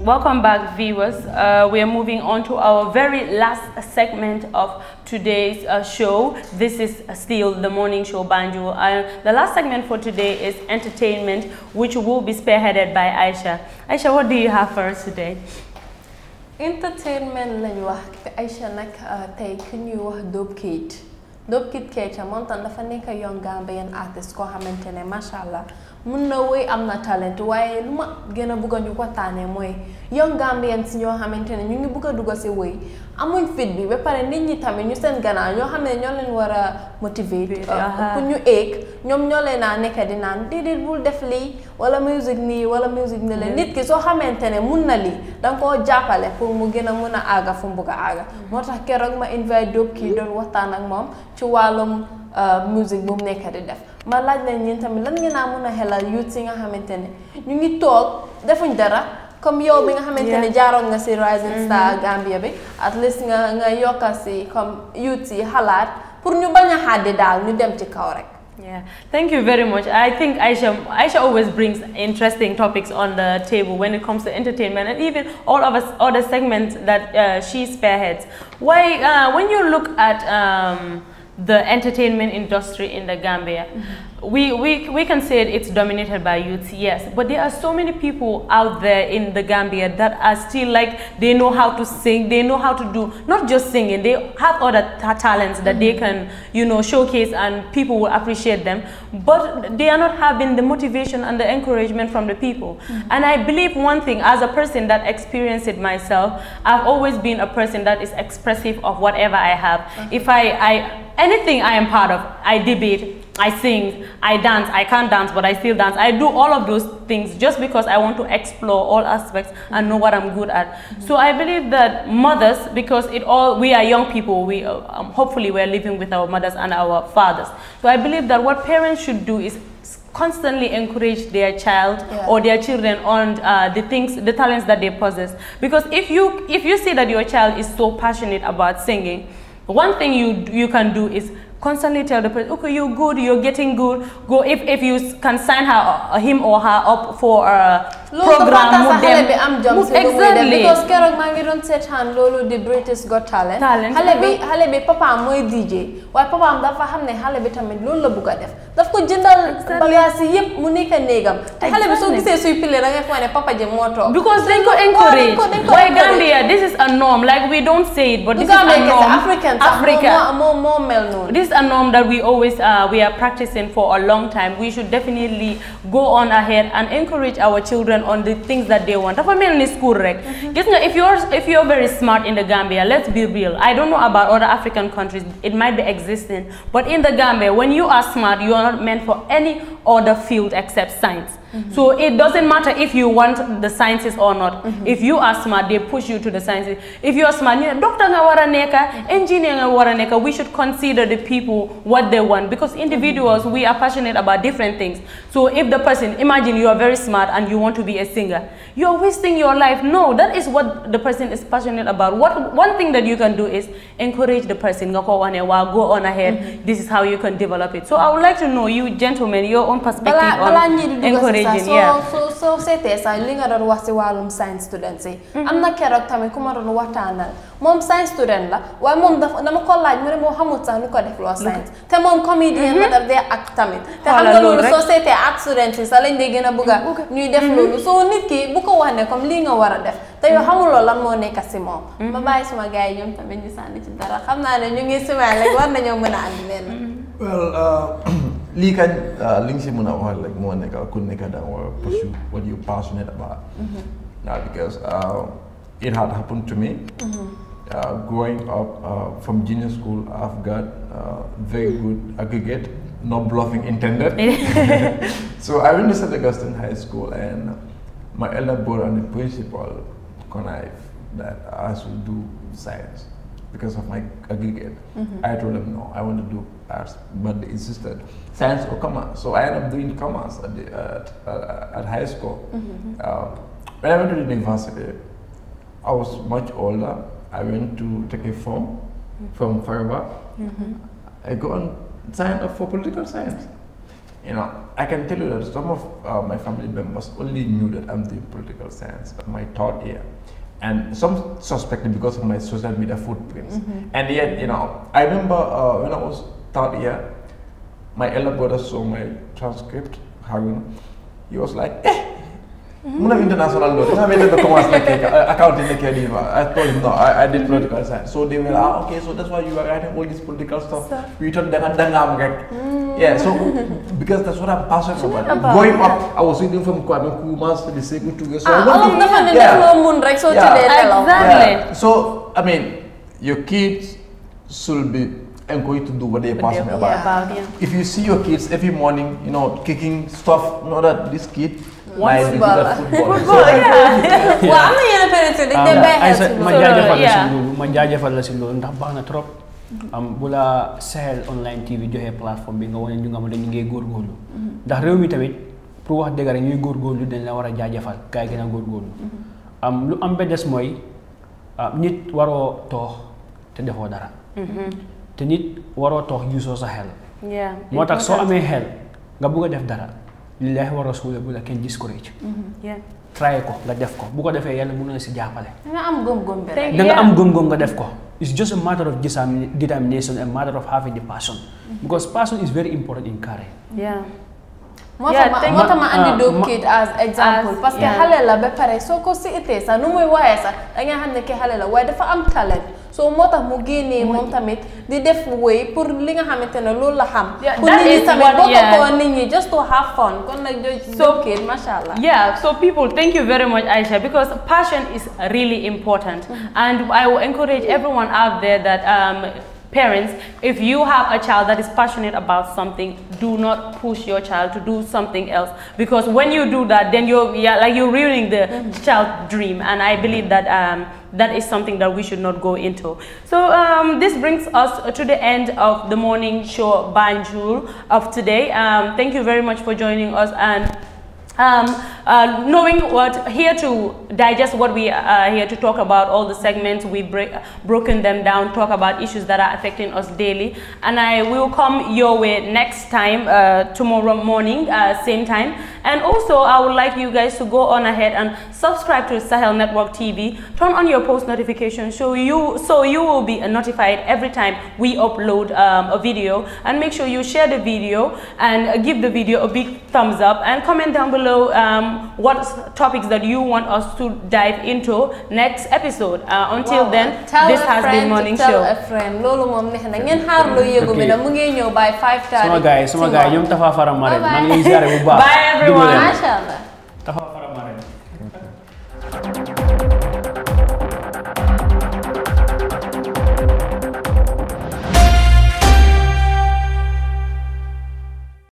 Welcome back viewers. Uh, we are moving on to our very last segment of today's uh, show. This is still the morning show Banjo. Uh, the last segment for today is entertainment which will be spearheaded by Aisha. Aisha, what do you have for us today? Entertainment lañ wax Aisha like, uh, take ku ñuy wax Dope Dope Kid Keita moom tam dafa nekk young Gambian artist koo xamante ne macha allah mun na woy am na talent waaye lu ma gën a bëgg a ñu ko tànnee mooy young Gambians ñoo xamante ne ñu ngi bugg a dugg si wéy amuñ fit bi ba pare nit ñi tamit ñu seen ganaar ñoo xam ne ñoo leen war a motivate euh, pour ñu éeg ñoom ñoo leen naa nekk di naan déedéet bul def lii wala music nii wala music ne leen mm-hmm. nit ki soo xamante ne mun na lii danga koo jàppale pour mu gën a mun a aaga fu mu bugg a aaga mm-hmm. moo tax keroog ma invite Dope kii doon waxtaan ak moom ci wàllum euh, musique bu mu nekk di def ma laaj leen ñeen tamit lan ngeen naa mun a xelal youth si nga xamante ne ñu ngi toog defuñ dara comme yow mi nga xamante ne jaaroon nga si Rising mhm. Star Gambia bi at least nga nga yokka si comme youth yi xalaat pour ñu bañ a xàddi daal ñu dem ci kaw rek Yeah, thank you very much. I think Aisha, Aisha always brings interesting topics on the table when it comes to entertainment and even all of us other segments that uh, she spearheads. Why, uh, when you look at um, the entertainment industry in the Gambia. Mm -hmm. We, we, we can say it's dominated by youth, yes, but there are so many people out there in the Gambia that are still like, they know how to sing, they know how to do, not just singing, they have other talents that mm -hmm. they mm-hmm. can, you know, showcase and people will appreciate them, but they are not having the motivation and the encouragement from the people. Mm -hmm. And I believe one thing, as a person that experienced it myself, I've always been a person that is expressive of whatever I have. Okay. If I, I anything I am part of, I debate, I sing, I dance, I can't dance, but I still dance. I do all of those things just because I want to explore all aspects and know what I'm good at. Mm -hmm. So I believe that mothers, because it all, we are young people, we um, hopefully we're living with our mothers and our fathers. So I believe that what parents should do is constantly encourage their child yeah. or their children on uh, the things the talents that they possess because if you if you see that your child is so passionate about singing one thing you, you can do is constantly tell the person, okay, you're good, you're getting good. Go if, if you can sign her, uh, him or her up for a uh, programme mu dem xale bi am jom si lu muy dem because keroog maa ngi doon seetaan loolu di British Got Talent xale bi xale bi papaam mooy DJ waaye papaam dafa xam ne xale bi tamit loolu la bugg a def daf ko jëndal bagaas yi yëpp mu nekk néegam te xale bi soo gisee suy pile da ngay foog ne papa ji moo toog because dañ ko encourage waaye Gambia this is a norm like we don't say it but this is a norm African Africa moo moo mel noonu this is a norm that we always uh, we are practicing for a long time we should definitely go on ahead and encourage our children children on the things that they want dafa mel school mhm. if you're if you're very smart in the Gambia let's be real I don't know about other African countries it might be existing but in the Gambia when you are smart you are not meant for any other field except science Mm-hmm. So it doesn't matter if you want the sciences or not. Mm-hmm. If you are smart, they push you to the sciences. If you're smart, you know, doctor nga mm-hmm. engineer nga we should consider the people what they want because individuals, we are passionate about different things. So if the person, imagine you are very smart and you want to be a singer, you're wasting your life. No, that is what the person is passionate about. What One thing that you can do is encourage the person, go on ahead, this is how you can develop it. So I would like to know you gentlemen, your own perspective on encouraging. origin yeah soo soo seetee sax li nga doon wax si wàllum science students yi am na keroog tamit ku ma doon waxtaanal moom science student la waaye moom dafa dama ko laaj mu ne moo xamul sax lu ko def loo science mm-hmm. te moom comédien la mm-hmm. daf loolu soo seetee ak students yi sax lañ dee gën a bëgg a mm-hmm. ñuy def loolu soo nit ki bu ko wax ne comme lii nga war a def te yow xamuloo lan moo nekk si moom ma bàyyi suma gars yi ñoom tamit ñu sànni ci dara xam naa ne ñu ngi simaay rek war nañoo mën a andi lenn uh, lii kañ li si mën a like rek moo nekk ku nekk da pursue what you passionate about. waaw mm-hmm. because it had happened to me. growing up uh, from junior school I've got uh, very good aggregate no bluffing intended. so I went to St. Augustine High School and my elder brother and the principal connived that I should do science because of my aggregate. Mm -hmm. I told him, no, I want to do arts, but they insisted science or commerce. So I ended up doing commerce at, the, at, at high school. Mm -hmm. uh, when I went to the university, I was much older. I went to take a form mm -hmm. from mm-hmm. I go and sign up for political science. You know, I can tell you that some of uh, my family members only knew that I'm doing political science but my third year and some suspected because of my social media footprints. Mm-hmm. And yet, you know, I remember uh, when I was third year, my elder brother saw my transcript, Harun. He was like, eh, Mun have international law. They have made the Thomas like eh, accounting like I told him no, I, I did political science. So they were ah okay, so that's why you are writing all this political stuff. So, you told them and I'm get. Yeah, so because that's what I'm passionate about. about. Growing up, I was reading from Kwame Nkrumah's The Second years. So ah, I want all to, of them yeah. moon, right? So yeah. today, exactly. Yeah. So I mean, your kids should be and going to do what they're passionate about. about yeah. If you see your kids every morning, you know, kicking stuff, you know that this kid main juga football. Football, iya. Wah, ama yang parents itu, they bad Menjajah pada iya. sungguh, menjajah pada sungguh, entah banget trop. am bula Sahel online TV joxe ya, platform. bi nga wone ñu nga ma dañu ngay góorgóorlu ndax mhm. réew mi tamit pour wax dëgg rek ñuy góorgóorlu dañ la war a jaajëfal gars yi gën mhm. am lu am ba des mooy nit waroo toox te defoo dara mhm. te nit waroo sa xel xel nga def dara lillaahi wa rasuuli bu la kenn mhm, discourage try ko nga def ko bu ko defee yàlla mën na si jàppale danga am gëm-gëm da nga am gëm-gëm nga def ko it's just a matter of determination a matter of having the passion mhm. because passion is very important in career moo tax moo tax ma andi Dope parce que xale la ba pare soo ko si sax nu muy waaye sax da nga xam ne ki xale la waaye dafa am talent soo moo tax mu génnee moom tamit di def wéy pour li nga xamante ne loolu la xam. pour nit ñi tamit boo ko ko nit ñi just to have fun kon nag Dope Kid macha allah. yeah so people thank you very much Aisha because passion is really important mm-hmm. and I will encourage everyone out there that. Um, parents if you have a child that is passionate about something do not push your child to do something else because when you do that then you're yeah, like you're ruining the mm -hmm. child dream and i believe that um, that is something that we should not go into so um, this brings us to the end of the morning show banjul of today um, thank you very much for joining us and um, uh, knowing what here to digest what we are uh, here to talk about all the segments we break broken them down talk about issues that are affecting us daily and i will come your way next time uh, tomorrow morning uh, same time and also i would like you guys to go on ahead and subscribe to sahel network tv turn on your post notification so you so you will be notified every time we upload um, a video and make sure you share the video and give the video a big thumbs up and comment down below um, on what topics that you want us to dive into next episode. Uh, until wow. then, tell this has been morning show. Tell a na ngeen xaar lo yego bi na mu ngi ñew by 5:30. Sama gaay, sama gaay, ñom tafa faram mare. Mang lay ziaré bu baax. Bye everyone. Mashallah.